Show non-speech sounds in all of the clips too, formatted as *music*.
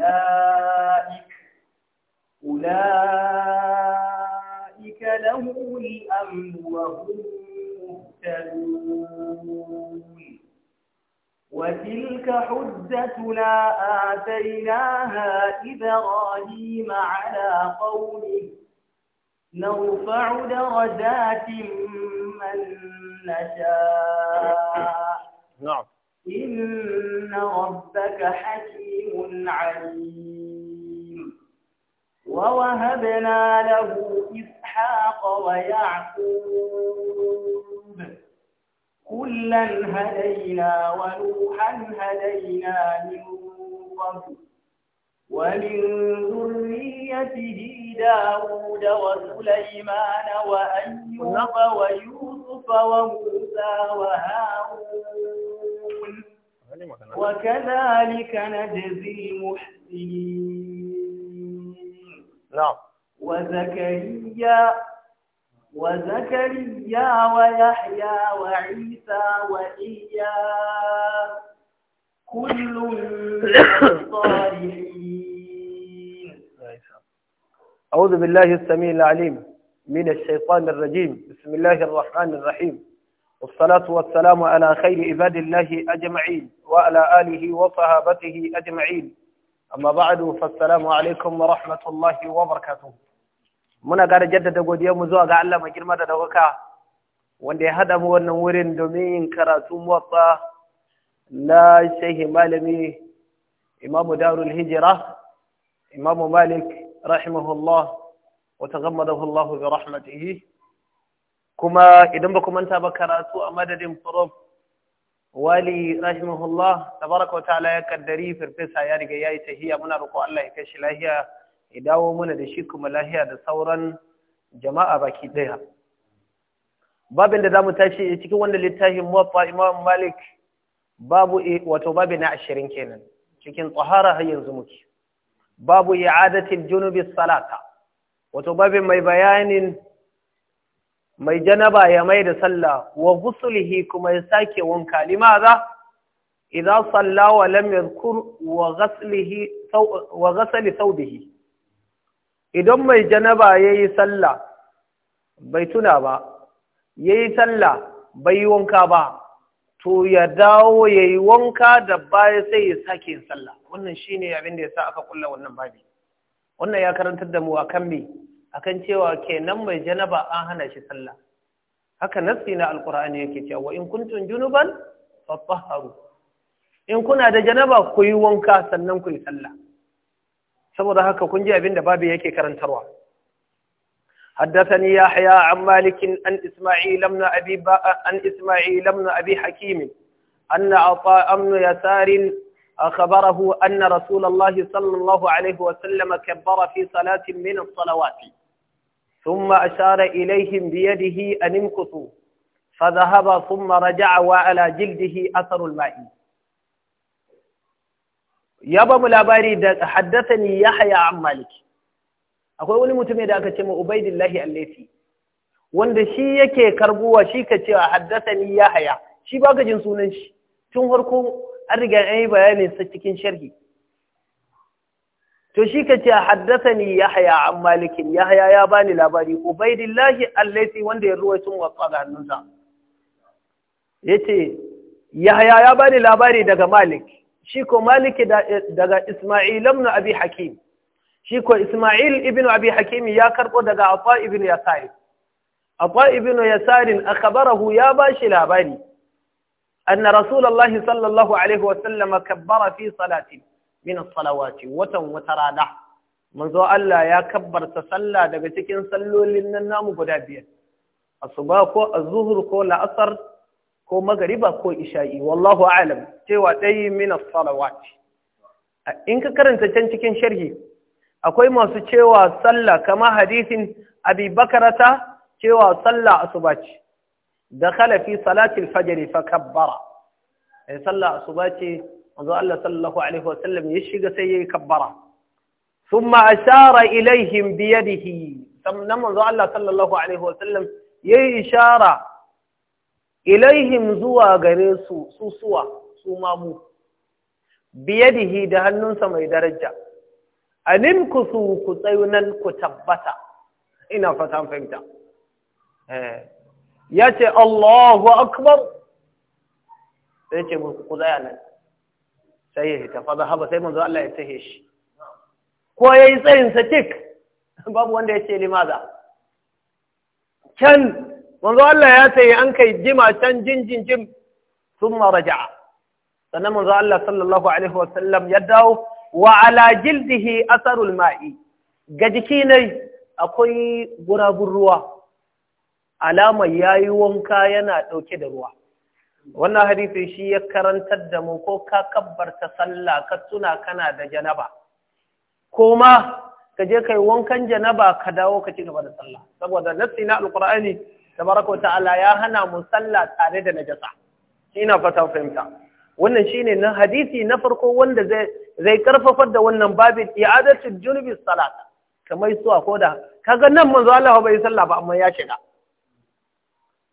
أولئك أولئك لهم الأمن وهم مهتدون وتلك حجتنا آتيناها إبراهيم على قومه نرفع درجات من نشاء نعم إن ربك حكيم عليم ووهبنا له إسحاق ويعقوب كلا هدينا ونوحا هدينا من قبل ومن ذريته داود وسليمان وأيوب ويوسف وموسى وهارون وكذلك نجزي المحسنين نعم وزكريا وزكريا ويحيى وعيسى وإيا كل الصالحين أعوذ بالله السميع العليم من الشيطان الرجيم بسم الله الرحمن الرحيم والصلاة والسلام على خير عباد الله أجمعين وعلى آله وصحابته أجمعين أما بعد فالسلام عليكم ورحمة الله وبركاته muna ƙara jaddada godiyarmu zuwa ga Allah mai girma da ɗaukaka wanda ya haɗa mu wannan wurin domin yin karatu wasa. na shehi malami imamu darul hijira imamu malik rahimahullah wa bi rahmatihi kuma idan ba ku manta ba karatu a madadin prof wali rahimahullah tabaraka wa ta'ala ya kaddari farfesa ya riga yayi tahiya muna roƙo Allah ya kashi lahiya ya dawo mana da shi kuma lahiya da sauran jama'a baki daya babin da zamu tashi cikin wannan littafin muwaffa imam malik babu wato babu na 20 kenan cikin tsahara har yanzu muke babu i'adatil junubi salata wato babin mai bayanin mai janaba ya mai da sallah wa gusulihi kuma ya sake wanka limaza idan salla wa lam yadhkur wa ghaslihi wa da thawbihi idan mai janaba yayi sallah bai tuna ba yayi sallah bai yi wanka ba to ya dawo yayi wanka da baya sai ya sake sallah wannan shine abin da yasa aka kulla wannan babi wannan ya karantar da mu akan me akan cewa kenan mai janaba an hana shi sallah haka nassi na alqur'ani yake cewa wa in kuntum junuban fatahharu in kuna da janaba ku yi wanka sannan ku yi sallah saboda haka kun ji abin da babu yake karantarwa حدثني يحيى عن مالك أن إسماعيل بن أبي با... أن إسماعيل بن أبي حكيم أن عطاء بن يسار أخبره أن رسول الله صلى الله عليه وسلم كبر في صلاة من الصلوات ثم أشار إليهم بيده أن امكثوا فذهب ثم رجع وعلى جلده أثر الماء يابا ملاباري حدثني يحيى عن مالك akwai wani mutum da aka ce ma ubaidillahi allafi wanda shi yake karbuwa shi ka cewa haddathani yahaya shi baka jin sunan shi tun farko an riga an yi bayanin sa cikin sharhi to shi ka ce ya haya an malikin haya ya bani labari ubaidillahi allaisi wanda ya sun wasu ga hannunsa ya ce ya bani labari daga malik shi ko malik daga isma'il ibn abi hakim shi ko isma'il ibn abi hakim ya karbo daga afa ibn yasari afa ibn yasarin akhbarahu ya ba shi labari anna rasulullahi sallallahu alaihi wa sallam kabbara fi salatin min salawati watan wata rana manzo Allah ya kabbarta sallah daga cikin sallolin nan namu guda biyar asuba ko azhur ko la'asar ko magariba ko isha'i wallahu a'lam cewa dai min salawati in ka karanta can cikin sharhi akwai masu cewa sallah kama hadisin abi bakarata cewa sallah asuba ce dakhala fi salati al-fajr fa kabbara eh, sallah asuba ce manzo Allah sallallahu alaihi wa sallam ya shiga sai yayi kabbara thumma ashara ilaihim bi yadihi sannan manzo Allah sallallahu alaihi wa sallam yayi ishara ilaihim zuwa gare su susuwa su mamu bi yadihi da hannunsa mai daraja anim kusu ku tsayunan ku tabbata ina fatan fahimta eh. ya ce Allahu akbar sai ce ku tsaya nan sai ya hita fa zahaba sai manzo Allah ya tahe shi ko yayi tsayin sa tik *laughs* babu wanda yace limaza can manzo Allah ya tahe an kai jima can jinjin jim thumma raja'a sannan manzo Allah sallallahu alaihi wa sallam ya dawo wa ala jildihi atharul ma'i ga jiki ne akwai gurabun ruwa alama yayi wanka yana dauke da ruwa wannan hadisi shi ya karantar da mu ko ka kabbarta sallah ka tuna kana da janaba ko ma ka je kai wankan janaba ka dawo ka ci gaba da sallah saboda nassi na alqur'ani tabaraka ta'ala ya hana mu sallah tare da najasa ina fata fahimta wannan shine na hadisi na farko wanda zai zai karfafar da wannan babin i'adatu junubi salata kamar su ko da kaga nan manzo Allah bai sallah ba amma ya shiga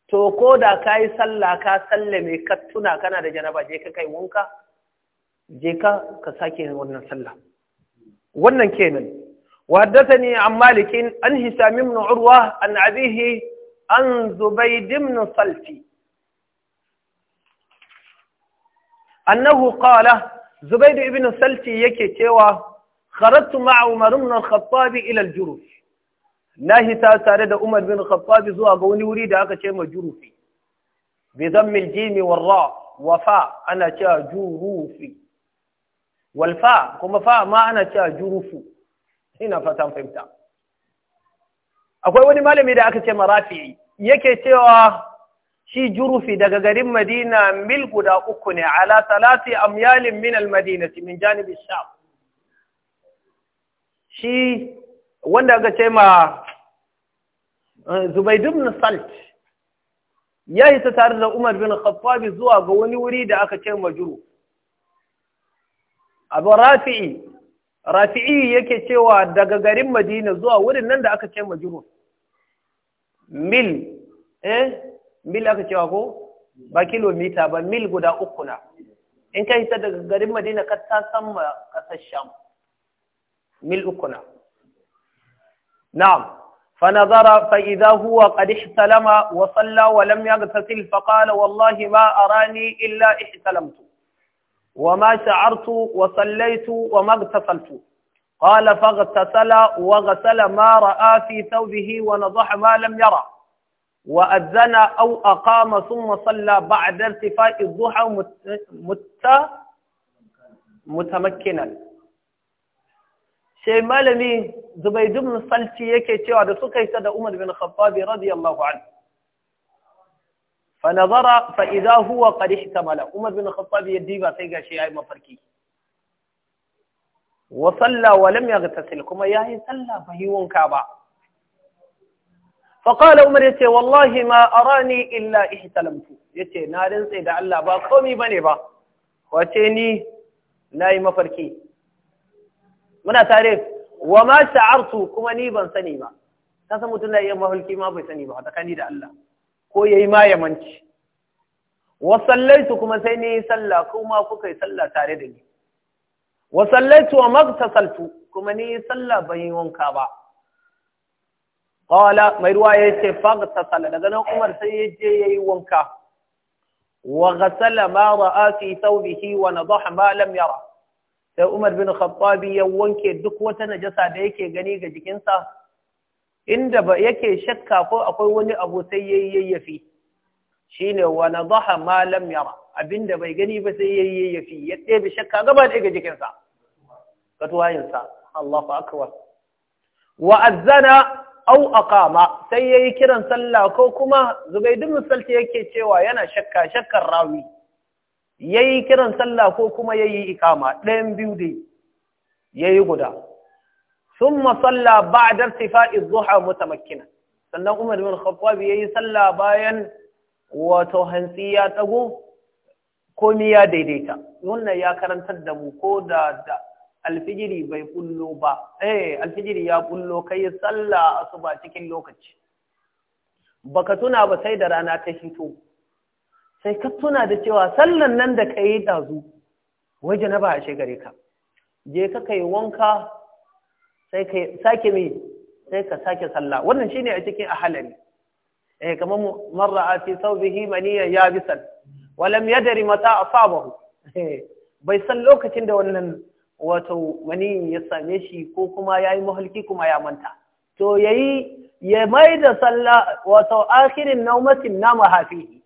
to ko da ka yi sallah ka salle mai kattuna kana da janaba je ka kai wanka je ka ka sake wannan sallah wannan kenan Wa waddatani an malikin an hisami min urwa an abihi an zubaid min salfi annahu qala zubaid ibn salfi yake cewa kharatu ma'a umar ibn al-khattab ila al-jurush na hita tare da Umar bin Khattab zuwa ga wani wuri da aka ce majrufi bi zammil jim wal ra wa fa ana cewa jurufi wal fa kuma fa ma ana cewa jurufu ina fatan fahimta akwai wani malami da aka ce ma marafi yake cewa shi jurufi daga garin Madina mil guda uku ne ala talati amyalin min al-madinati min janibi sham shi wanda aka ce ma Eh, Zubaid ibn Salt ya isa tare da Umar bin Khattabi zuwa ga wani wuri da aka ce majuru. Abu Rafi'i, Rafi'i yake cewa daga garin Madina zuwa wurin nan da aka ce majuru. Mil, eh, mil aka cewa ko? Ba kilomita ba, mil guda uku na. In ka hita daga garin Madina ka ta san ma ƙasar Sham. Mil uku na. Na'am. فنظر فإذا هو قد احتلم وصلى ولم يغتسل فقال والله ما أراني إلا احتلمت وما شعرت وصليت وما اغتسلت قال فاغتسل وغسل ما رأى في ثوبه ونضح ما لم يرى وأذن أو أقام ثم صلى بعد ارتفاع الضحى مت متمكنا sai malami Zubaidu bin salci yake cewa da suka yi da Umar bin Khattab radiyallahu an fa nazara fa idha huwa qad ihtamala Umar bin Khattab ya diba sai gashi yayi mafarki wa salla wa lam yaghtasil kuma yayi salla bai wanka ba fa qala Umar yace wallahi ma arani illa ihtalamtu yace na rintse da Allah ba komai bane ba wace ni nayi mafarki muna tare wa ma sha'artu kuma ni ban sani ba ka san mutum da iya mahulki ma bai sani ba ta kani da Allah ko yayi ma yamanci wa sallaitu kuma sai ni sallah kuma kuka yi sallah tare da ni wa sallaitu wa magtasaltu kuma ni sallah ban yi wanka ba qala mai ruwa ya ce fagtasala daga nan Umar sai ya je yayi wanka wa ghasala ma ra'a fi thawbihi wa nadaha ma lam yara sai Umar bin Khattabi ya wanke duk wata najasa da yake gani ga jikinsa inda ba yake shakka ko akwai wani abu sai yayi yayyafi shine wa nadaha ma lam yara abinda bai gani ba sai yayi yayyafi ya ɗebe shakka gaba ɗaya ga jikinsa ga tuwayinsa Allahu akbar wa azana au aqama sai yayi kiran sallah ko kuma Zubaidu musalti yake cewa yana shakka shakkar rawi ya yi kiran sallah ko kuma ya yi ikama ɗayan biyu dai ya yi guda sun masalla ba a dartifa izuha makina. sannan umar bin khattabi ya yi sallah bayan wato hantsi ya tago komi ya daidaita wannan ya karantar da mu ko da da alfijiri bai kullo ba eh alfijiri ya kullo kai sallah ba cikin lokaci baka tuna ba sai da rana ta hito sai ka tuna da cewa sallan nan da ka yi ɗazu waje na ba a gare ka je ka kai wanka sai ka sake mai sai ka sake salla wannan shine a cikin halari eh kamar man ra'a fi ya maniyan sal walam ya dari mata asabahu eh, bai san lokacin da wannan wato maniyin ya same shi ko kuma ya yi mahalki kuma ya manta to ya yi ya mai da sallah wato akhirin naumatin nama mahafihi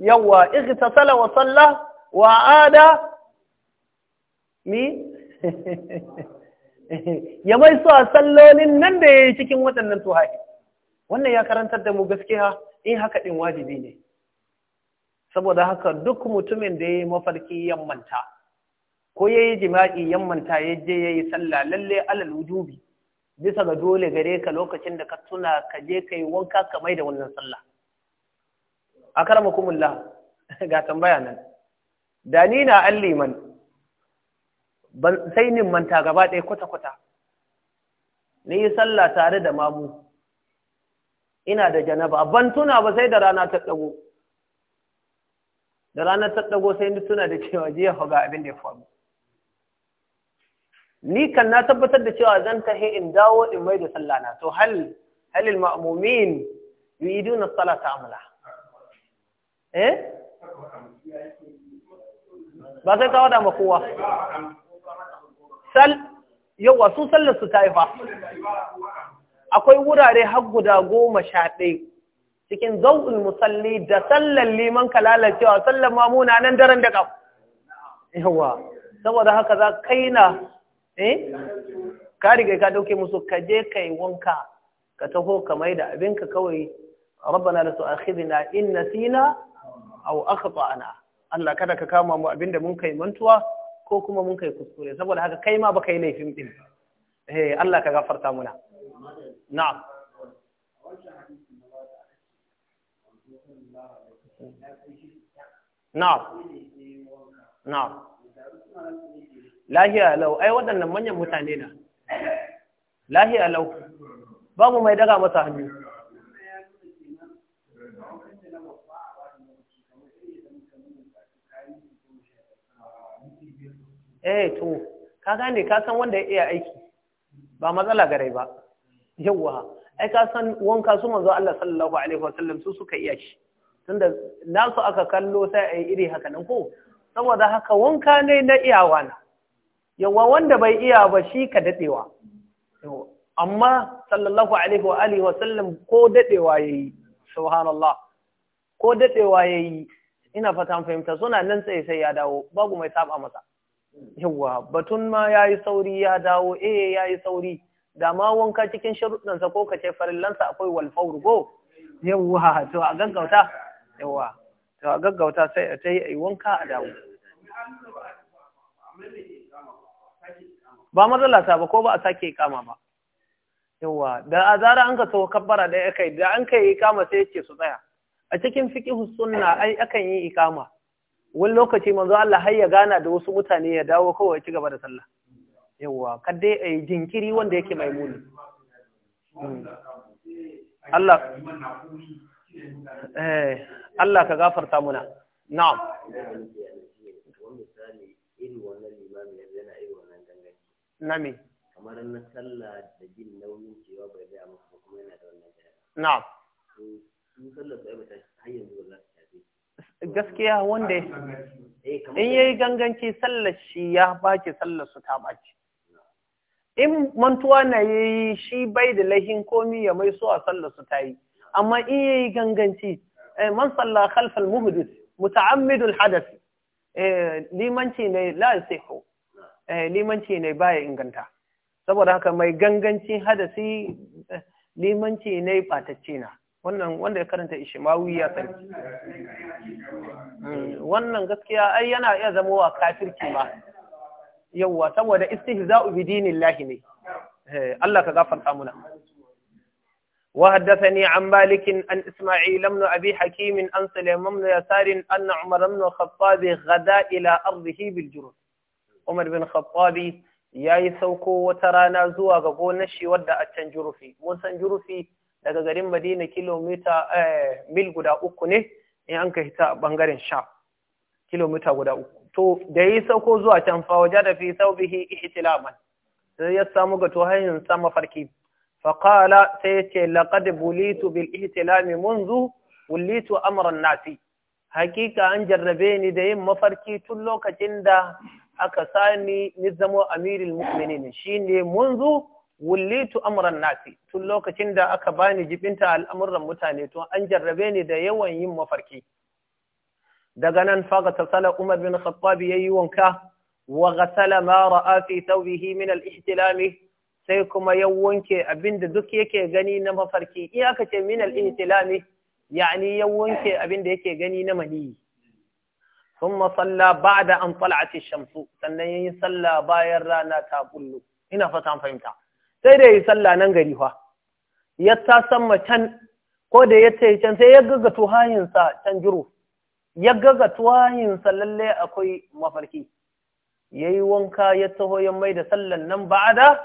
yawa ightasala wa salla wa ada mi *laughs* ya mai su a sallolin nan da yayi cikin waɗannan tuhai wannan ya karantar da mu gaskiya in eh, haka din wajibi ne saboda haka duk mutumin da yayi mafarki yammanta ko yayi jima'i yammanta yaje yayi sallah lalle alal wujubi bisa ga dole gare ka lokacin da ka tuna ka je kai wanka ka mai da wannan sallah kumulla *laughs* ga tambaya nan da ni na alliman ban sai nin manta gaba ɗaya kwata kwata ni yi sallah tare da mamu ina da janaba ban tuna ba sai da rana ta ɗago. da rana ta ɗago, sai ni tuna da cewa jiya fa ga abin da ya faru ni kan na tabbatar da cewa zan tahi in dawo in mai da sallah na to hal halil ma'mumin yuriduna salata amla eh ba sai ta wada ma kowa sal yawa sallar su ta yi fa akwai wurare har guda goma sha ɗaya cikin zau'ul musalli da sallar liman ka lalacewa sallar mamuna nan daren da kam yawa saboda haka za kai na eh ka riga ka dauke musu ka je kai wanka ka taho ka mai da abinka kawai rabbana la na in nasina Au aka akhtana Allah kada ka kama mu abinda mun kai mantuwa ko kuma mun kai kuskure saboda haka kai ma baka yi laifin din eh Allah ka gafarta muna na'am na'am na'am lahiya lau ai waɗannan manyan mutane na lahiya lau babu mai daga masa hannu eh to ka gane ka san wanda ya iya aiki ba matsala gare ba yawwa ai ka san wanka su manzo Allah sallallahu alaihi wasallam su suka iya shi tunda nasu aka kallo sai ai iri haka nan ko saboda haka wanka ne na iyawa na yawa wanda bai iya ba shi ka dadewa amma sallallahu alaihi wa alihi wasallam ko dadewa yayi subhanallah ko dadewa yayi ina fata fahimta suna nan tsaye sai ya dawo babu mai saba masa Yawwa batun ma ya yi sauri ya dawo eh ya yi sauri da ma wanka cikin sharuɗansa ko kace farillansa akwai walfauru go yawwa to a gaggauta yawwa to a gaggauta sai a yi wanka a dawo ba matsala ta ba ko ba a sake kama ba Yawwa da azara an ka so kabbara da kai da an kai ikama sai yake su tsaya a cikin fiqh sunna ai akan yi ikama wani lokaci manzo Allah har ya gana da wasu mutane ya dawo kawai ci gaba da sallah yawa kadai a yi jinkiri wanda yake mai muni hmm. Allah eh Allah ka gafarta muna na'am nami kamar na sallah da jin nauyin cewa bai da amma kuma yana da wannan na'am su sallar sai ba ta hanyar zuwa gaskiya wanda eh, in yayi ganganci sallar shi ya baki sallar su ta baki in mantuwa na yayi shi bai da lahin komi ya mai so a sallar su ta yi amma in yayi ganganci eh, man salla khalfal muhdith muta'ammidul hadath eh, limanci ne la sihu limanci ne baya inganta saboda haka mai ganganci hadasi limanci ne batacce na wannan wanda ya karanta ishimawi ya sarki hmm, wannan gaskiya ai yana iya zama wa kafirci ma yawwa saboda istihza'u bi dinillahi ne eh, Allah ka gafarta muna wa haddathani an malik an isma'il ibn abi hakim an sulaiman ibn yasar an umar ibn khattab ghada ila ardihi bil jurud umar ibn khattab sauko wata rana zuwa ga gonar shi wadda a can jurufi jurufi daga garin Madina kilomita eh, mil guda uku ne in an ka hita bangaren sha kilomita guda uku to da yi sauko zuwa can fa waje da fi bihi ihtilaman sai ya samu ga hanyar sama farki Faƙala sai yace laqad bulitu bil ihtilami zu, wulitu amuran nasi hakika an jarrabe ni da yin mafarki tun lokacin da aka sani ni zamo shi mu'minin mun zu. wullitu amran nasi tun lokacin da aka bani jibinta al'amuran mutane tun an jarrabe ni da yawan yin mafarki daga nan faga tasala umar bin ya yi wanka wa ghasala ma ra'a fi thawbihi min al sai kuma ya wanke abinda duk yake gani na mafarki iyakace ce min al ya yani ya wanke abinda yake gani na mani thumma salla ba'da an tala'at shamsu sannan yayi salla bayan rana ta kullu. ina fata fahimta sai da ya yi sallah nan gari fa ya ta sama can ko da ya ce can sai ya gaga tuhayinsa can jiro ya gaga tuhayinsa lalle akwai mafarki ya yi wanka ya taho ya mai da sallan nan da,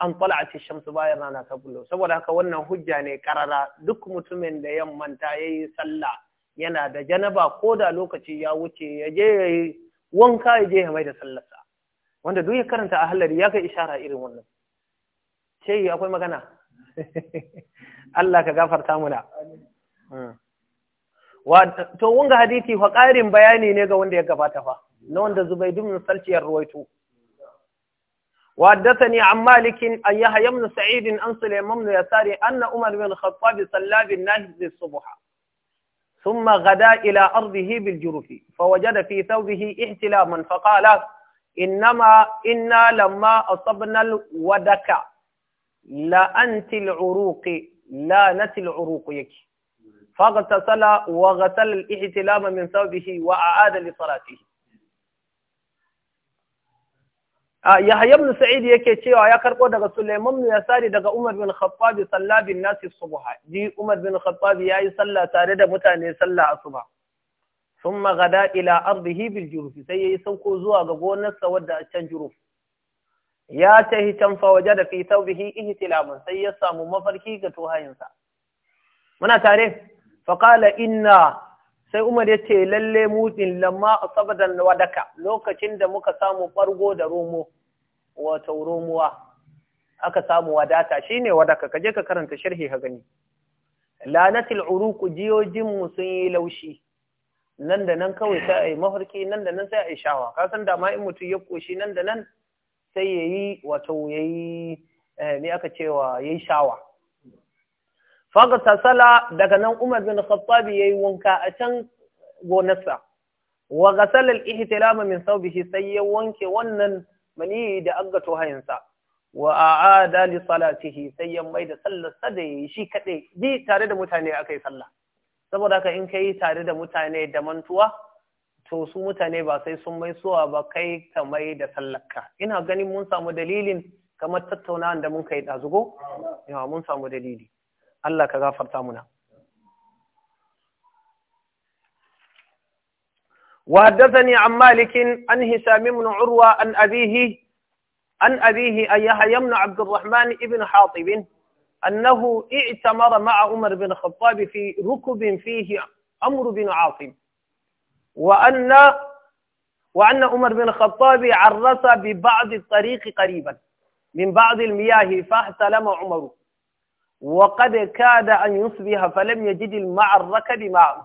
an cikin shamsu bayan rana ta bulo saboda haka wannan hujja ne karara duk mutumin da yammanta manta ya yi sallah yana da janaba ko da lokaci ya wuce ya je ya yi wanka ya je ya mai da sallarsa wanda duk ya karanta a halari ya kai ishara irin wannan sai akwai magana *laughs* Allah ka gafarta muna hmm. wa to wun ga hadisi fa qarin bayani ne ga wanda ya gabata fa na wanda Zubaydu bin Salti ya ruwaito wa an malikin an Yahya bin Sa'id an Sulaiman bin Yasari anna Umar bin Khattab salla bin nahd as-subha thumma gada ila ardihi bil jurf fa wajada fi thawbihi ihtilaman fa qala inna lamma asabna al wadaka la'antil la nati uruqi yake faghtasala wa ghasala ihtilama min thawbihi wa a'ada li salatihi Yahya ibn Sa'id yake cewa ya karɓo daga Sulaiman bin Yasari daga Umar bin Khattab salla bin nasi subha di Umar bin Khattab yayi sallah tare da mutane sallah asuba thumma gada ila ardihi bil juruf sai yayi sauko zuwa ga gonarsa wadda a can juruf ya tahi can fa waje da fi taubihi ihtilamun sai ya samu mafarki ga tuhayinsa muna tare faƙala inna sai umar ya ce lalle mutin lamma saboda wadaka lokacin da muka samu ɓargo da romo wato romuwa aka samu wadata shi ne wadaka je ka karanta sharhi ha gani lanatil uruku mu sun yi laushi nan da nan kawai sai ai mafarki nan da nan sai yi shawa Kasan san in mutum ya koshi nan da nan sai ya yi wato ya yi ne eh, aka cewa ya yi shawa faga tasala daga nan umar bin khattabi ya yi wanka a can gonarsa wa gasalar al-ihtilama min thawbihi sai ya wanke wannan mani da aga tohayinsa wa a li salatihi sai ya mai da sallar da ya yi shi kadai bi tare da mutane aka yi sallah saboda haka in ka yi tare da mutane da mantuwa so su mutane ba sai sun mai suwa ba kai ta mai da sallaka ina ganin mun samu dalilin kamar tattaunawa da mun kai dazugo yawa mun samu dalili Allah ka gafarta muna وحدثني عن مالك عن هشام بن عروة عن أبيه عن أبيه أن يحيى بن عبد الرحمن بن حاطب أنه اعتمر مع عمر بن الخطاب في ركب فيه عمرو بن عاصم وأن وأن عمر بن الخطاب عرس ببعض الطريق قريبا من بعض المياه فاحتلم عمر وقد كاد أن يصبح فلم يجد الماء الركب ماء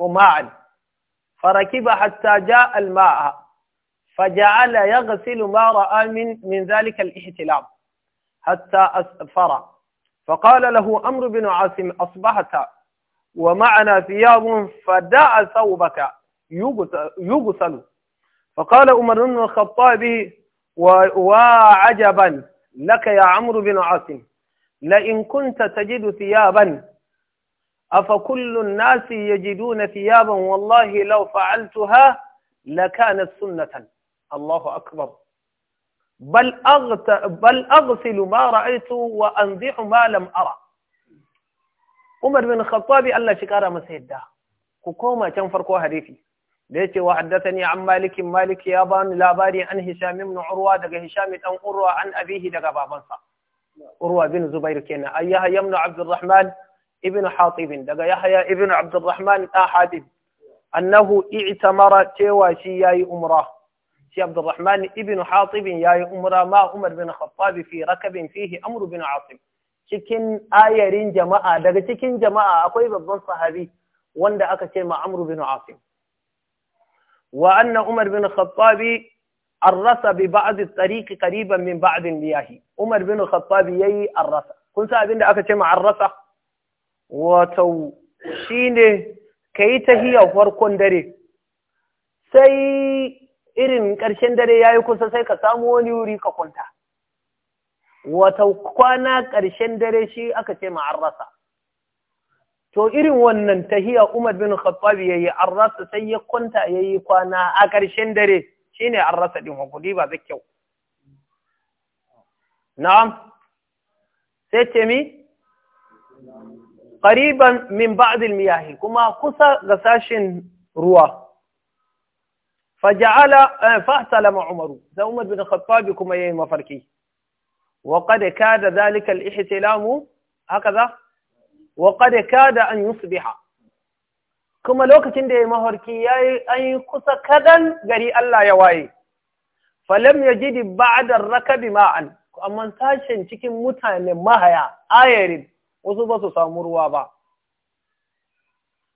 وماء فركب حتى جاء الماء فجعل يغسل ما رأى من, من ذلك الاحتلام حتى أسفر فقال له أمر بن عاصم أصبحت ومعنا ثياب فدع ثوبك يغسل فقال عمر بن الخطاب وعجبا لك يا عمرو بن عاصم لئن كنت تجد ثيابا أفكل الناس يجدون ثيابا والله لو فعلتها لكانت سنة الله أكبر بل, أغت... بل أغسل ما رأيت وأنزح ما لم أرى عمر بن الخطاب الله شكرا مسيدة كوكوما كان فرقوا حديثي da yace wa haddathani an malikin maliki ya bani labari an hisham ibn urwa daga hisham dan urwa an abihi daga babansa urwa bin zubair kenan ay ibn abdurrahman ibn hatib daga yahya ibn abdurrahman da hatib annahu i'tamara cewa shi yayi umra shi abdurrahman ibn hatib yayi umra ma umar bin khattab fi rakabin fihi amr bin asim cikin ayarin jama'a daga cikin jama'a akwai babban sahabi wanda aka ce ma amr bin asim وأن عمر بن الخطاب الرسى ببعض الطريق قريبا من بعض المياه عمر بن الخطاب يي الرسى كنت أبين لأكا تيمع الرسى وتو شيني كيتا هي فاركون داري سي إرن كرشن داري يايو كنسا سيكا ساموان يوري كا كنتا وتو كوانا كرشن داري شي أكا تيمع الرسى to irin wannan tahiya Umar bin Khattab yayi arrasa sai ya kunta yayi kwana a ƙarshen dare shine arrasa din hakuri ba zakkau na'am sai ce mi qariban min ba'd al-miyah kuma kusa ga sashin ruwa faja'ala fahtalama Umar da Umar bin Khattab kuma yayi mafarki wa qad kada dhalika al-ihtilamu hakaza wa da kada an yusbiha kuma lokacin da ya yi mahorki yi an yi kusa kadan gari Allah ya waye falam ya da raka rakabi ma'an amma tashin cikin mutanen mahaya ayarin wasu ba su samu ruwa ba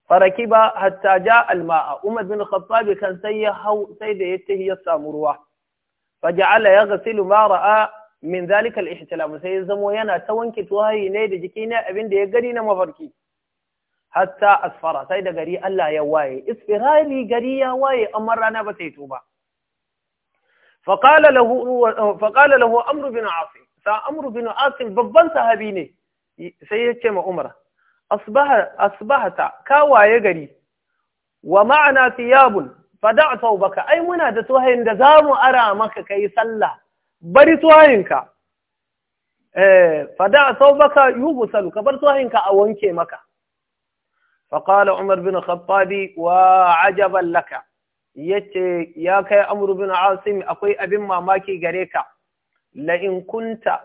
faraki ba hatta ja alma'a umar bin khattabi kan sai ya hau sai da ya tahi ya samu ruwa faja'ala gasilu ma ra'a min zalikal ihtilam sai ya zamo yana ta wanke tuwayi ne da jiki ne abin da ya gani na mafarki hatta asfara sai da gari Allah ya waye isfirali gari ya waye amma rana ba sai tuba faqala lahu faqala lahu amr bin asim sa amr bin asim babban sahabi ne sai ya ce ma umar asbaha asbahata ka waye gari wa ma'ana thiyabun fada' baka! ai muna da tuhayin da zamu ara maka kai sallah bari tuwayinka eh fada saubaka yubsalu ka bar tuwayinka a wanke maka Umar umar bin الخطاب وعجبا لك yace ya kai Amurbin bin asim akwai abin mamaki gare ka la in ta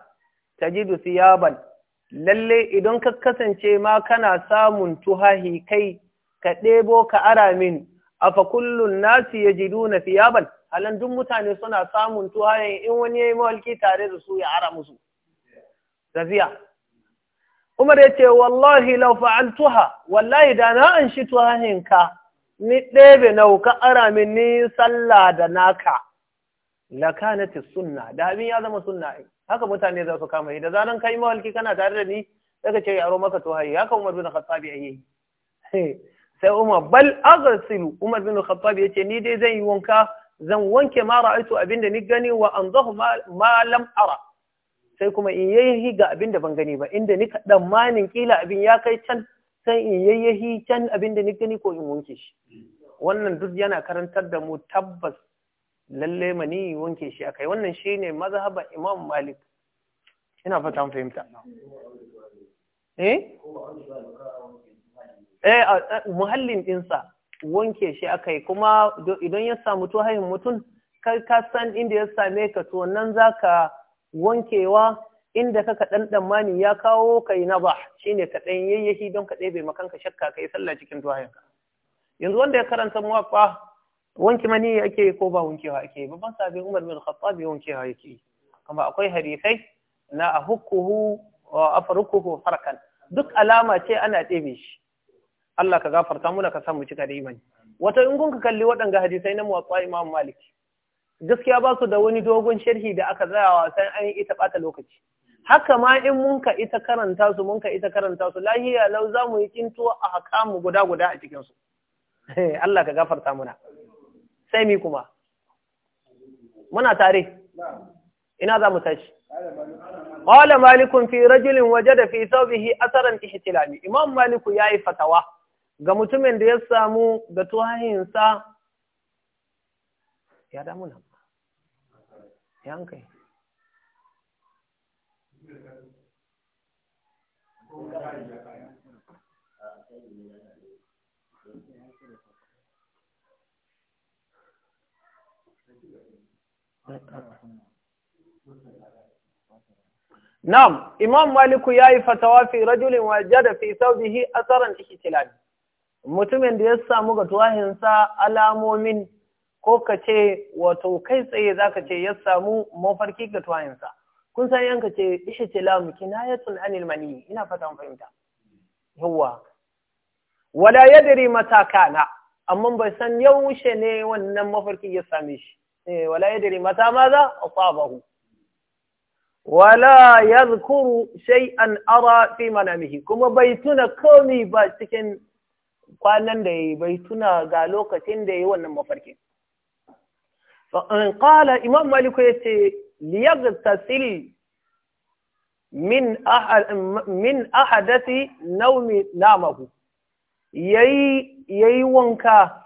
tajidu siyaban lalle idan ka kasance ma kana samun tuhahi kai ka ɗebo ka ara min afa kullun nasi yajiduna siyaban halan duk mutane suna samun tuhayen in wani ya yi mawalki tare da su ya ara musu tafiya umar ya ce wallahi al tuha, wallahi da na an shi tuhayen ka ni ɗebe nauka ara min ni sallah da naka lakanati sunna da abin ya zama sunna haka mutane za su kama da zanen kai mawalki kana tare da ni daga ce yaro maka tuhayi haka umar bin khattabi yi. *laughs* sai umar bal aghsilu umar bin khattabi ce, ni dai zan yi wanka zan wanke ma ra'aitu abinda ni gani wa anzahu ma lam ara sai kuma in yayyahi ga abinda ban gani ba inda ni kadan manin kila abin ya kai can sai in yayyahi can abinda ni gani ko in wanke shi wannan duk yana karantar da mu tabbas lalle mani wanke shi akai wannan shi ne mazhaban Imam Malik ina fata an fahimta eh eh muhallin dinsa wanke shi aka yi kuma idan ya samu to mutum kar ka san inda ya same ka to nan za ka wankewa inda kaka ɗan ɗammani ya kawo ka yi ba, shi ne ka ɗan yayyahi don ka ɗebe makanka shakka ka yi sallah cikin tuwayenka yanzu wanda ya karanta mu muwaƙa wanke mani ake ko ba wankewa ake babban sabin umar bin khattab ya wankewa yake yi kuma akwai hadisai na ahukuhu wa farukuhu farkan duk alama ce ana ɗebe shi Allah ka gafarta muna ka samu cika da imani wata in kun ka kalli waɗanga hadisai na muwatsa Imam Malik gaskiya ba su da wani dogon sharhi da aka tsayawa sai an yi ita ɓata lokaci haka ma in mun ka ita karanta su mun ka ita karanta su lahiya lau za mu yi kintuwa a haƙa mu guda guda a cikin su eh, Allah ka gafarta muna sai mi kuma muna tare ina za mu tashi qala malikun fi rajulin wajada fi thawbihi asaran ihtilami imam maliku yayi fatawa ga mutumin da ya samu da tuhahinsa ya damu nan ya hankali Na'am, Imam Maliku ya yi fatawa fi rajulin wajada fi a asaran ikitilani. mutumin da ya samu ga tuwahinsa alamomin ko ka ce wato kai tsaye za ka ce ya samu mafarki ga tuwahinsa kun san yanka ce ishe ce lamu tun anil mani ina fata mun fahimta yawa wala yadri mata na? amma bai san wuce ne wannan mafarki ya same shi eh, Wala ya dari mata ma za? maza asabahu wala yadhkuru shay'an ara fi manamihi kuma bai tuna komi ba cikin kwanan da ya yi bai tuna ga lokacin da ya yi wannan mafarki Ƙala Imam qala imam malik yace liyaghtasil min ahad min ahadati nawmi namahu Ya yi wanka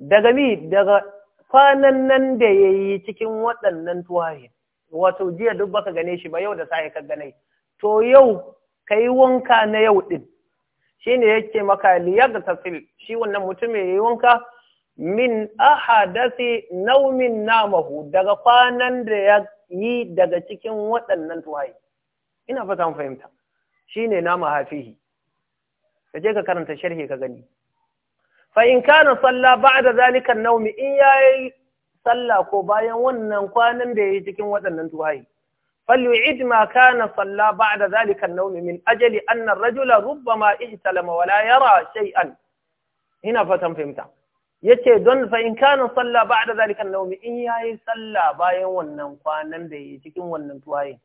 daga mi daga kwanan nan da ya yi cikin waɗannan tuwaye wato jiya duk baka gane shi ba yau da sa ka gane to yau ka yi wanka na yau ɗin shine yake maka liyagtasil shi wannan mutum ya yi wanka min ahadasi naumin namahu daga kwanan da ya yi daga cikin waɗannan tuwaye. ina fata mu fahimta shine nama hafihi kaje ka karanta sharhi ka gani fa in kana salla ba'da zalika naumi in yayi salla ko bayan wannan kwanan da yayi cikin waɗannan tuwaye. فليعد ما كان صلى بعد ذلك النوم من أجل أن الرجل ربما احتلم ولا يرى شيئا هنا فتن فهمت yace don fa in kana salla ba'da zalika an-nawm in yayi salla bayan wannan kwanan da yayi cikin wannan tuwaye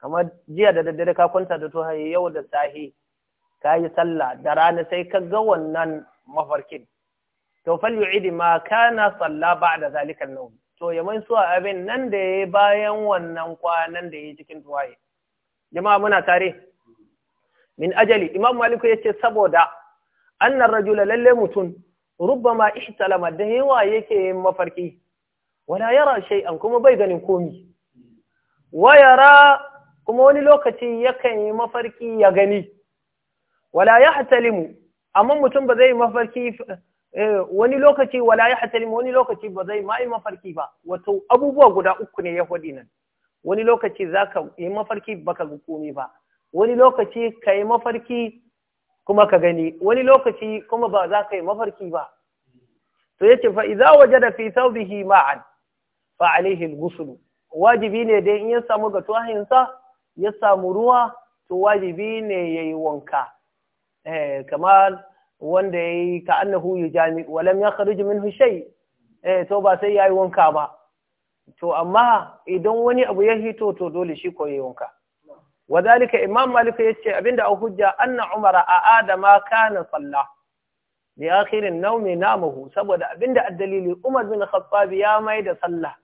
kamar jiya da daddare ka kwanta da tuwaye yau da sahi kayi salla da rana sai ka ga wannan mafarkin to fal yu'idi ma kana salla ba'da zalika an-nawm to yaman suwa abin nan da ya bayan wannan kwanan da ya cikin tuwaye jama'a muna tare min ajali imam maliku ya ce saboda annan rajula lalle mutum ishi talama da yawa yake yin mafarki wala rashe an kuma bai ganin komi Waya ra kuma wani lokaci yakan yi mafarki ya gani wala ya hatalimu amma mutum ba zai mafarki Eh, wani lokaci wala ya hatalim wani lokaci ba zai ma mafarki ba wato abubuwa guda uku ne ya faɗi nan wani lokaci za ka yi mafarki baka ka komi ba wani lokaci ka yi mafarki kuma ka gani wani lokaci kuma ba za ka yi mafarki ba to yace fa'iza waje da fi bihi ma'an ba alayhi wajibi ne dai in ya samu ga tuwahinsa ya samu ruwa to wajibi ne ya yi wanka eh, kamar wanda ya yi ka annahu yi jami walam ya kharuji min hushai eh to ba sai ya yi wanka ba to amma idan wani abu ya hito to dole shi ko yi wanka wadalika imam malik ce abinda a hujja anna umara a adama kana salla bi akhirin nawmi namahu saboda abinda a dalili umar bin khattab ya mai da sallah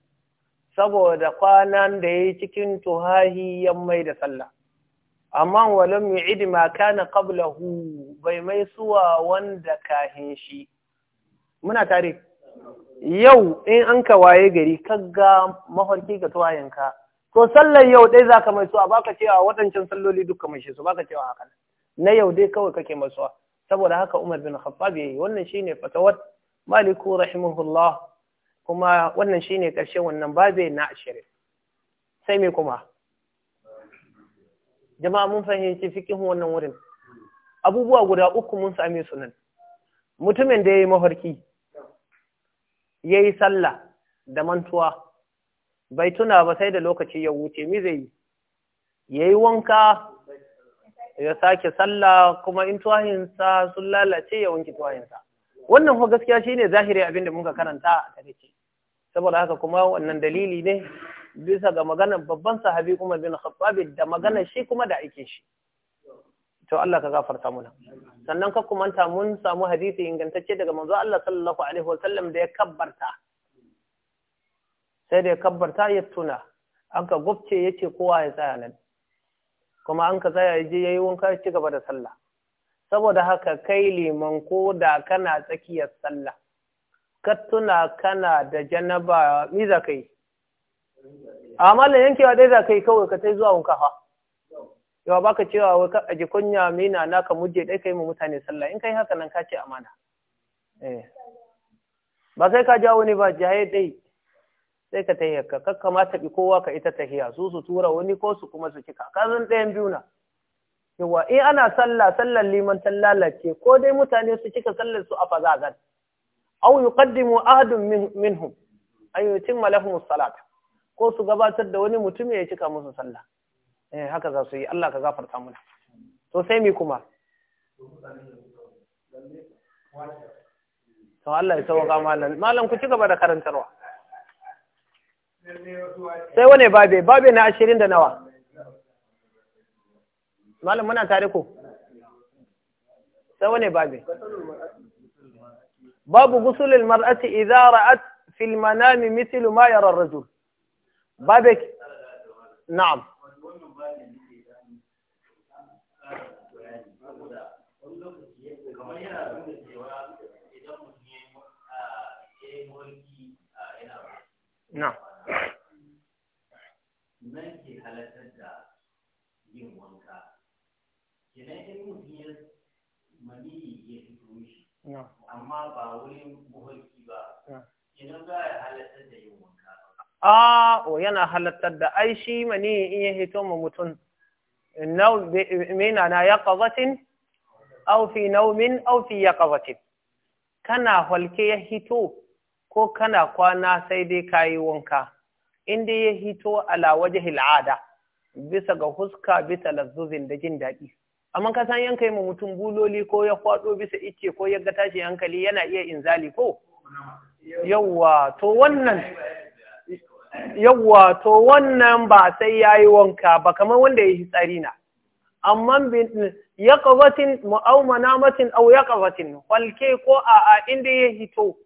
saboda kwanan da yayi cikin tuhahi ya mai da sallah amma walam idi ma kana qablahu bai mai suwa wanda kahin shi muna tare yau in an ka waye gari kaga mafarki ga tuwayenka to sallar yau dai zaka mai suwa baka cewa waɗancan salloli duka mai shi su baka cewa haka na yau dai kawai kake mai suwa saboda haka Umar bin Khattab yayi wannan shine fatawar Maliku rahimahullah kuma wannan shine karshe wannan babe na ashirin sai me kuma jama'a mun fahimci fikin wannan wurin abubuwa guda uku mun same su nan mutumin da ya yi mafarki ya yi sallah da mantuwa bai tuna ba sai da lokaci ya wuce mi zai yi ya yi wanka ya sake sallah kuma in tuwahinsa sun lalace ya wanke tuwahinsa wannan kuma gaskiya shine zahiri abinda da muka karanta a tarihi saboda haka kuma wannan dalili ne bisa ga maganar babban sahabi kuma bin Khattab da magana shi kuma da aikin shi to Allah ka gafarta muna sannan ka kuma ta mun samu hadisi ingantacce daga manzo Allah sallallahu alaihi wa sallam da ya kabbarta sai da ya kabbarta ya tuna an ka gubce yace kowa ya tsaya nan kuma an ka tsaya ya je yayi wanka ya ci gaba da sallah saboda haka kai liman ko da kana tsakiyar sallah ka tuna kana da janaba miza kai amma da yankewa dai za ka yi kawai ka yi zuwa wanka fa yawa ka cewa wai a aji kunya na ka muje dai yi mu mutane sallah in yi haka nan ka ce amana eh. ba sai ka jawo ne ba jaye dai sai ka ta tahiya ka kakka ma kowa ka ita tahiya su su tura wani ko su kuma su kika. ka zan ɗayan biyu na yawa in ana sallah sallar liman ta lalace ko dai mutane su cika sallar su a fazazan au yuqaddimu ahadun minhum an yutimma lahum salata ko su gabatar da wani mutum ya cika musu sallah eh haka za su yi Allah ka gafarta muna to sai mi kuma to Allah ya sauka malam malam ku ci gaba da karantarwa sai wane babe babe na ashirin da nawa malam muna tare ko sai wane babe babu gusulul mar'ati idza ra'at fil manami mithlu ma yara ar-rajul babek na'am na nan ke halartar da yin wanka kenan in mutum ya maniyi ya fito mishi amma ba wurin muhalki ba kenan za a halartar da yin wanka a’o yana halattar da ai shi mani in ya hito ma mutum na ya ƙazatin Aufi naumin aufi ya ƙazatin kana halke ya hito ko kana kwana sai dai kayi wanka Inda ya hito ala waje hil'ada bisa ga huska bisa lazuzin da jin daɗi amma ka san yanka ma mutum buloli ko ya kwaɗo bisa icce ko ya ga tashi hankali yana iya inzali ko yawwa to wannan yawwa to wannan ba sai ya yi wanka ba kamar wanda ya yi tsari na amma ya ƙafatin ma'aumana matin au ya ƙafatin kwalke ko a a inda ya hito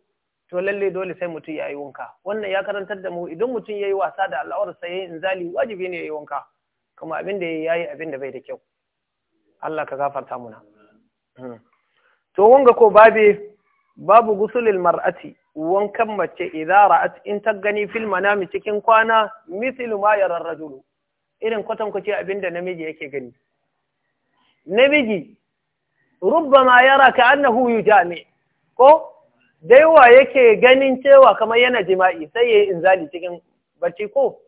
to lalle dole sai mutum ya yi wanka wannan ya karantar da mu idan mutum ya yi wasa da al'awar sa ya yi inzali wajibi ne ya yi wanka kuma abin da ya yi abin da bai da kyau Allah ka gafarta muna hmm. to wanga ko babe babu gusulil mar'ati wankan mace idara ra'at in ta gani na manami cikin kwana mithlu ma yara rajulu irin kwatan kwace abinda namiji yake gani namiji ma yara ka annahu jami ko daiwa yake ganin cewa kamar yana jima'i sai yayi inzali cikin bacci ko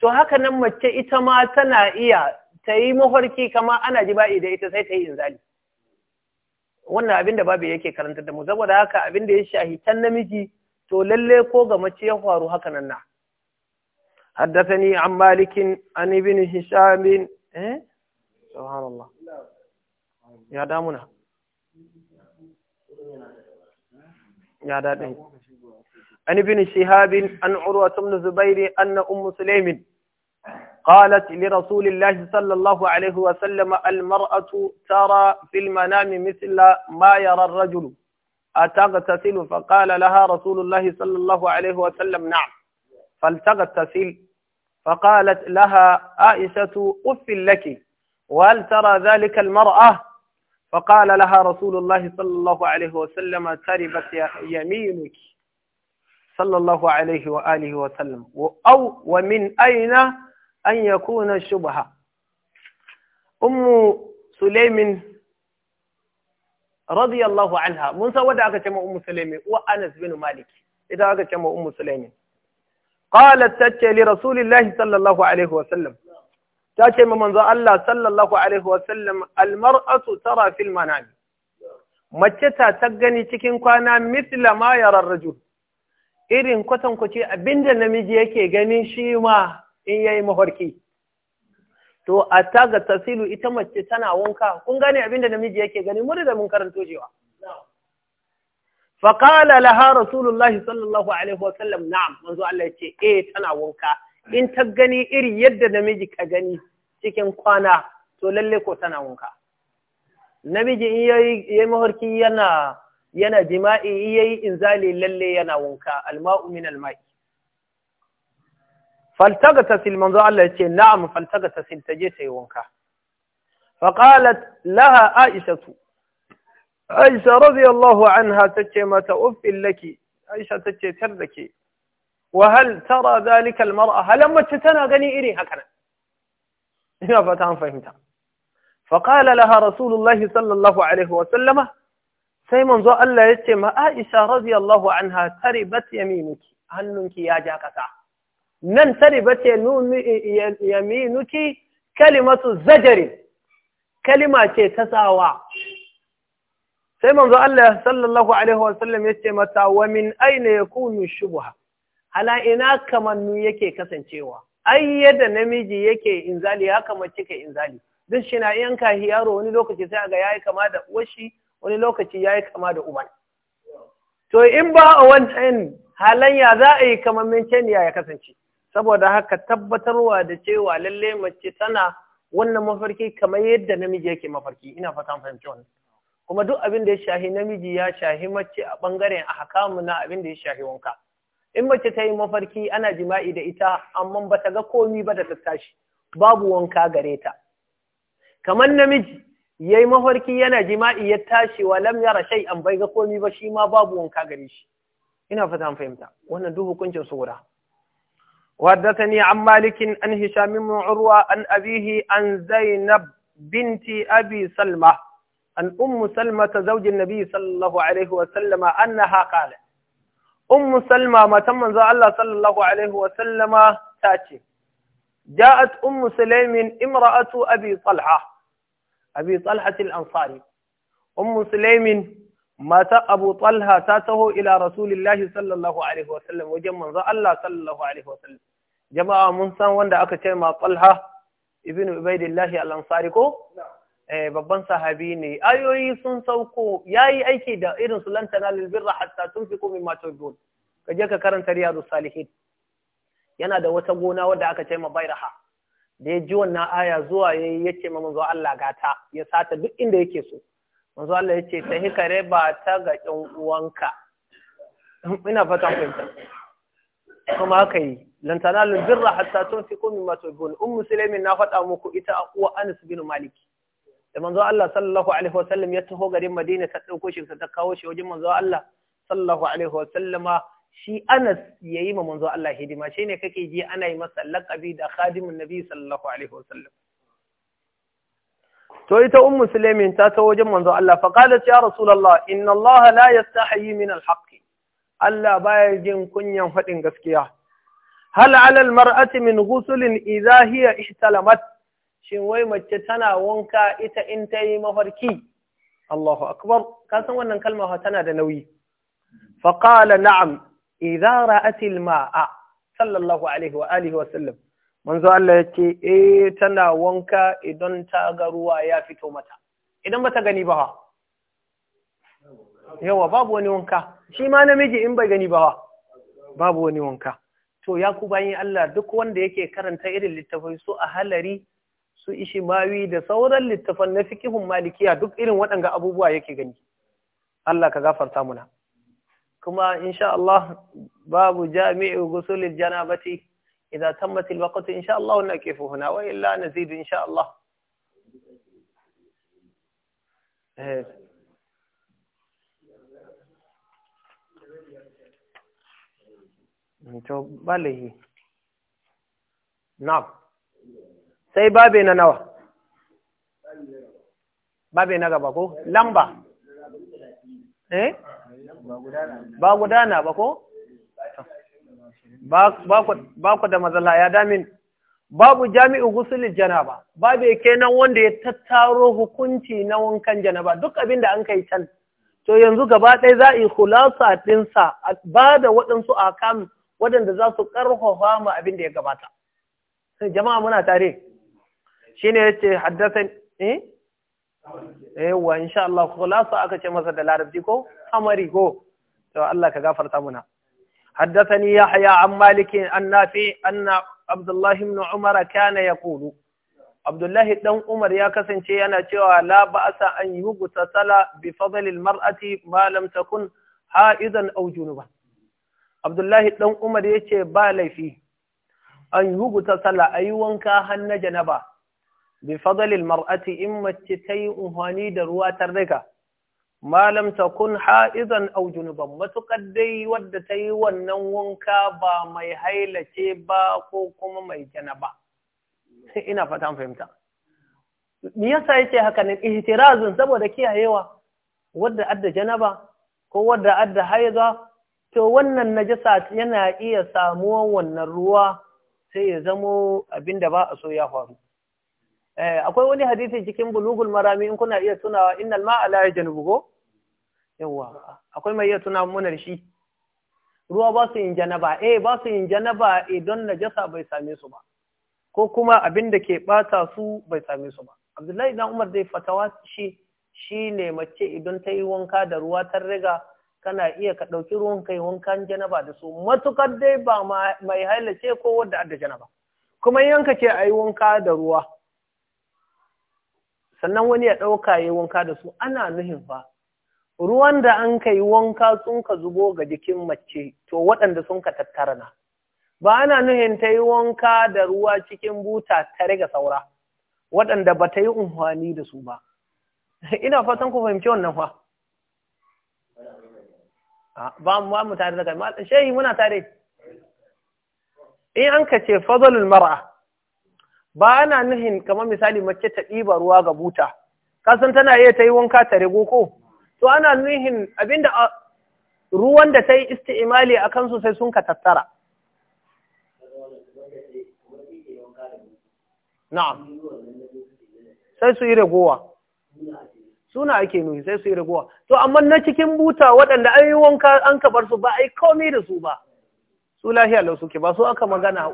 to haka nan mace ita ma tana iya ta yi mafarki kama ana jima'i da ita sai ta yi inzali wannan abin da babu yake karanta da mu saboda haka abin da ya shahi can namiji to lalle ko ga mace ya faru haka nan na haddathani an malikin an ibn hisham eh subhanallah ya damuna ya dadin an ibn shihab an urwa ibn zubair an umm sulaimin قالت لرسول الله صلى الله عليه وسلم المرأة ترى في المنام مثل ما يرى الرجل أتغتسل فقال لها رسول الله صلى الله عليه وسلم نعم فلتغتسل فقالت لها عائشة أف لك وهل ترى ذلك المرأة فقال لها رسول الله صلى الله عليه وسلم تربت يمينك صلى الله عليه وآله وسلم أو ومن أين an yakuna shubha ummu sulaimin radiyallahu anha mun san wanda aka ce ma ummu sulaimin wa anas bin malik ita aka ce ma ummu sulaimin qalat ce li rasulillahi sallallahu alaihi wa sallam ta ce ma manzo Allah sallallahu alaihi wa sallam al mar'atu tara fil manam mace ta ta gani cikin kwana mithla ma yara rajul irin kwatanku ce abinda namiji yake ganin shi ma in yayi mafarki to atta ga tasilu ita mace tana wanka kun gane abinda namiji yake gani mu da mun karanto jewa faqala laha rasulullahi sallallahu alaihi wa sallam na'am manzo Allah yace eh tana wanka in ta gani iri yadda namiji ka gani cikin kwana to lalle ko tana wanka namiji in yayi mafarki yana yana jima'i yayi inzali lalle yana wanka alma'u min alma'i faltaga tasil manzo Allah ya ce na'am faltaga tasil ta je ta yi wanka faqalat laha aishatu aisha radiyallahu anha tace mata uffil laki aisha tace tar da ke wa hal tara zalika al mar'a halan mace tana gani irin haka ina fata an fahimta faqala laha rasulullahi sallallahu alaihi wa sallama sai manzo Allah ya ce ma aisha radiyallahu anha taribat yaminuki hannunki ya ja kasa nan tariba ce yaminuki kalimatu zajari kalima ce ta tsawa sai manzo Allah sallallahu alaihi wasallam ya ce mata wa min aina yakunu shubha Hala ina kamannu yake kasancewa ai yadda namiji yake inzali ya kamace ka inzali duk shi na yanka yaro wani lokaci sai ga yayi kama da uwashi wani lokaci yayi kama da uban to in ba a wancan halayya za a yi kamar minceniya ya kasance saboda haka tabbatarwa da cewa lalle mace tana wannan mafarki kamar yadda namiji yake mafarki ina fatan fahimci wannan kuma duk abin da ya shahi namiji ya shahi mace a bangaren a hakamu na abin da ya shahi wanka in mace ta yi mafarki ana jima'i da ita amma ba ta ga komi ba da ta tashi babu wanka gare ta kamar namiji ya yi mafarki yana jima'i ya tashi wa lam yara an bai ga komi ba shi ma babu wanka gare shi ina fata fahimta wannan duk hukuncin su guda وحدثني عن مالك عن هشام بن عروة عن أبيه عن زينب بنت أبي سلمة عن أم سلمة زوج النبي صلى الله عليه وسلم أنها قالت أم سلمة ما تم الله صلى الله عليه وسلم تاتي جاءت أم سليم امرأة أبي طلحة أبي طلحة الأنصاري أم سليم مات أبو طلحة تاته إلى رسول الله صلى الله عليه وسلم وجم الله صلى الله عليه وسلم jama'a mun san wanda aka ce ma Talha ibn ubaidillahi al'ansari ansari ko eh babban sahabi ne ayoyi sun sauko Ya yi aiki da irin su lantana lil birra tun fi komi tuhibbun kaje ka je ka karanta riyadus salihin yana da wata gona wadda aka ce ma Bairaha da ya ji wannan aya zuwa yi yake ma manzo Allah gata ya sata duk inda yake so manzo Allah ya ce ta hikare ba ta ga ƴan uwanka ina fatan fahimta kuma haka yi Lantana, lan tanalu birra hatta tunfiqu mimma tuhibbun ummu sulaimin na faɗa muku ita uwa Anas bin Malik da manzo Allah sallallahu alaihi wa sallam ya taho garin Madina ta dauko shi ta kawo shi wajen manzo Allah sallallahu alaihi wa sallama shi Anas yayi ma manzo Allah hidima shine kake ji ana yi masa laqabi da khadimun nabi sallallahu alaihi wa sallam to ita ummu sulaimin ta taho wajen manzo Allah fa qalat ya rasulullah inna Allah la yastahi min al-haqqi Allah baya jin kunyan faɗin gaskiya. Hal alal mar'ati min gusulin idza hiya ihtalamat shin wai mace tana wanka ita in ta yi mafarki Allahu akbar ka san wannan kalma tana da nauyi fa qala na'am idza ra'at al ma'a sallallahu alaihi wa alihi wa sallam manzo Allah yace eh tana wanka idan ta ga ruwa ya fito mata idan bata gani ba yawa babu wani wanka shi ma namiji in bai gani ba babu wani wanka to ya ku bayan Allah duk wanda yake karanta irin littafai su a halari su ishimawi da sauran littafan na fikihun malikiya duk irin waɗanga abubuwa yake gani Allah ka gafarta muna kuma insha Allah babu jami'u gusulil janabati idza tammat alwaqt insha Allah nakifu huna wa illa nazidu insha Allah eh. to ba laihi na'am sai babe na nawa babe na gaba ko lamba eh ba gudana ba ko ba ku da mazala ya damin babu jami'u gusulin janaba babu kenan wanda ya tattaro hukunci na wankan janaba duk abin da an kai can to yanzu gaba ɗaya za a yi hulasa ɗinsa ba da waɗansu a waɗanda za su ƙarfafa mu abin da ya gabata jama'a muna tare shine yace haddathan eh eh wa insha Allah khulasa aka ce masa da larabci ko Hamari ko to Allah ka gafarta muna ya haya an malik an nafi anna abdullah ibn umar kana yaqulu abdullahi dan umar ya kasance yana cewa la ba'sa an yughtasala bi fadli almar'ati ma lam takun ha'idan aw ba. Abdullahi ɗan Umar ya ce ba laifi, an yi huguta sala a yi wanka hannu janaba, bi fadalil mar'ati in mace ta yi unhwani da ruwa ta rika, malam ta kun ha'izan au junuban matuƙar dai wadda ta yi wannan wanka ba mai hailace ba ko kuma mai janaba. *laughs* Ina fatan fahimta. Me yasa ce haka ne ihtirazin saboda kiyayewa wadda adda janaba ko wadda adda haiza to wannan najasa yana iya samuwan wannan ruwa sai ya zamo abin da ba a so ya faru eh, akwai wani hadisi cikin bulugul marami in kuna iya tunawa innal ma'a la yajnubu go yawa akwai mai iya tuna munar shi ruwa ba su yin janaba eh ba su yin janaba idan najasa bai same su ba ko kuma abin da ke bata su bai same su ba abdullahi dan umar dai fatawa shi shine mace idan ta yi wanka da ruwa ta riga kana iya ka ɗauki ruwan kai wankan janaba da su matukar dai ba mai halace ko wadda adda janaba kuma yanka ce a yi wanka da ruwa sannan wani ya ɗauka ya yi wanka da su ana nuhin fa ruwan da an ka yi wanka sun ka zubo ga jikin mace to waɗanda sun ka tattara na ba ana nuhin ta yi wanka da ruwa cikin buta tare ga saura waɗanda ba ta yi unhwani da su ba *laughs* ina fatan ku fahimci wannan fa ba mu ba mu tare da kai mallan shehi muna tare in an ka ce fadlul mar'a ba ana nuhin kamar misali mace ta ɗiba ruwa ga buta kasan tana iya ta yi wanka ta rigo ko to ana nuhin abinda ruwan da ta yi isti'imali a kansu sai sun ka tattara na'am sai su yi ragowa suna ake nuni sai su yi raguwa to amma na cikin buta waɗanda an yi wanka an kabar su ba a yi komai da su ba su lahiya lau suke ba su aka magana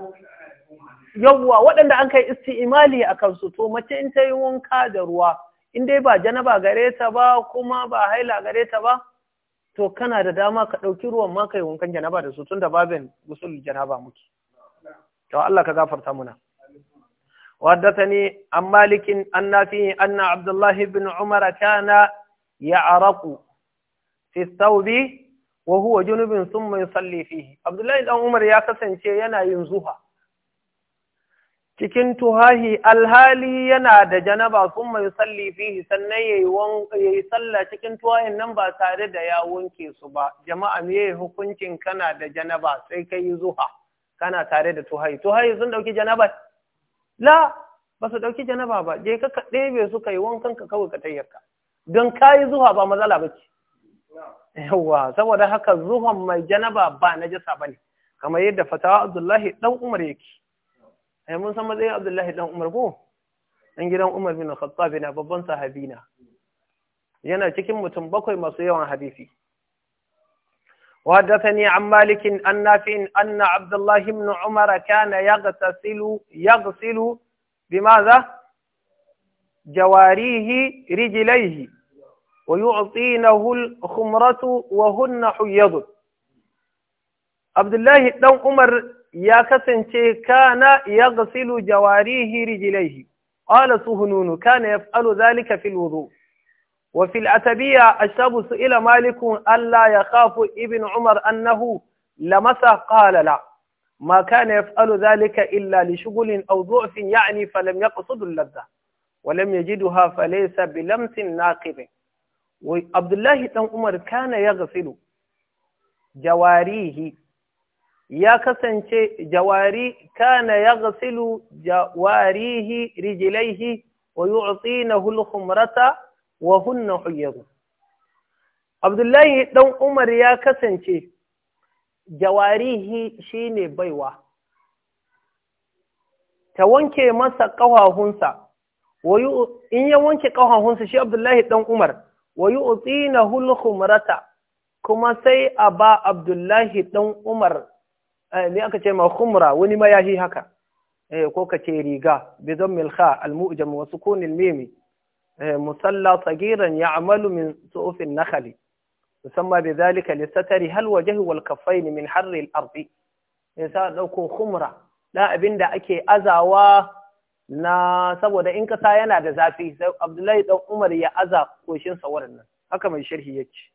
yawwa waɗanda an kai isti'imali a kansu to mace in ta yi wanka da ruwa in dai ba janaba gare ta ba kuma ba haila gare ta ba to kana da dama ka ɗauki ruwan ma yi wankan janaba da su tun da babin gusul janaba muke to Allah ka gafarta muna وحدثني عن مالك أن فيه أن عبد الله بن عمر كان يعرق في الثوب وهو جنب ثم يصلي فيه عبد الله بن عمر يا كسن ينا ينزوها cikin tuhahi alhali yana da janaba kuma ya salli fihi sannan ya yi salla cikin tuhahin nan ba tare da ya wanke su ba jama'a me hukuncin kana da janaba sai ka yi zuha kana tare da tuhahi tuhahi sun dauki janaba la ba su ɗauki janaba ba je ka ɗebe su ka yi wankan ka kawai ka tayyarka don ka yi zuwa ba matsala ba ce yawa saboda haka zuwan mai janaba ba na jasa ba ne kamar yadda fatawa abdullahi ɗan umar yake ai eh, mun san matsayin abdullahi ɗan umar ko ɗan gidan umar bin khattab na babban sahabi na yana cikin mutum bakwai masu yawan hadisi وحدثني عن مالك ان أن عبد الله بن عمر كان يغتسل يغسل بماذا؟ جواريه رجليه ويعطينه الخمرة وهن حيض عبد الله بن عمر يا كسنتي كان يغسل جواريه رجليه قال سهنون كان يفعل ذلك في الوضوء وفي الأتبية الشاب سئل مالك ألا يخاف ابن عمر أنه لمس قال لا ما كان يفعل ذلك إلا لشغل أو ضعف يعني فلم يقصد اللذة ولم يجدها فليس بلمس ناقب وعبد الله بن عمر كان يغسل جواريه يا kasance جواري كان يغسل جواريه رجليه ويعطينه الخمره wa hunna huyyaru Abdullahi ɗan Umar ya kasance jawarihi shine baiwa ta wanke masa wayu in ya wanke kawahunsa shi Abdullahi ɗan Umar wa yu'tina hulhumrata kuma sai a ba Abdullahi ɗan Umar ne eh, aka ce ma humra wani ma shi haka eh, ko ka ce riga bi dhammil kha al mu'jam wa al mimi Eh, musalla tsagiran ya amalu min tsofin nakhali musamman bi zalika listatari har wajhi wal kaffaini min harri al ardi in eh, sa dauko khumra da abinda ake azawa na saboda in kasa yana da zafi Abdullahi dan Umar ya aza koshin sa nan haka mai sharhi yace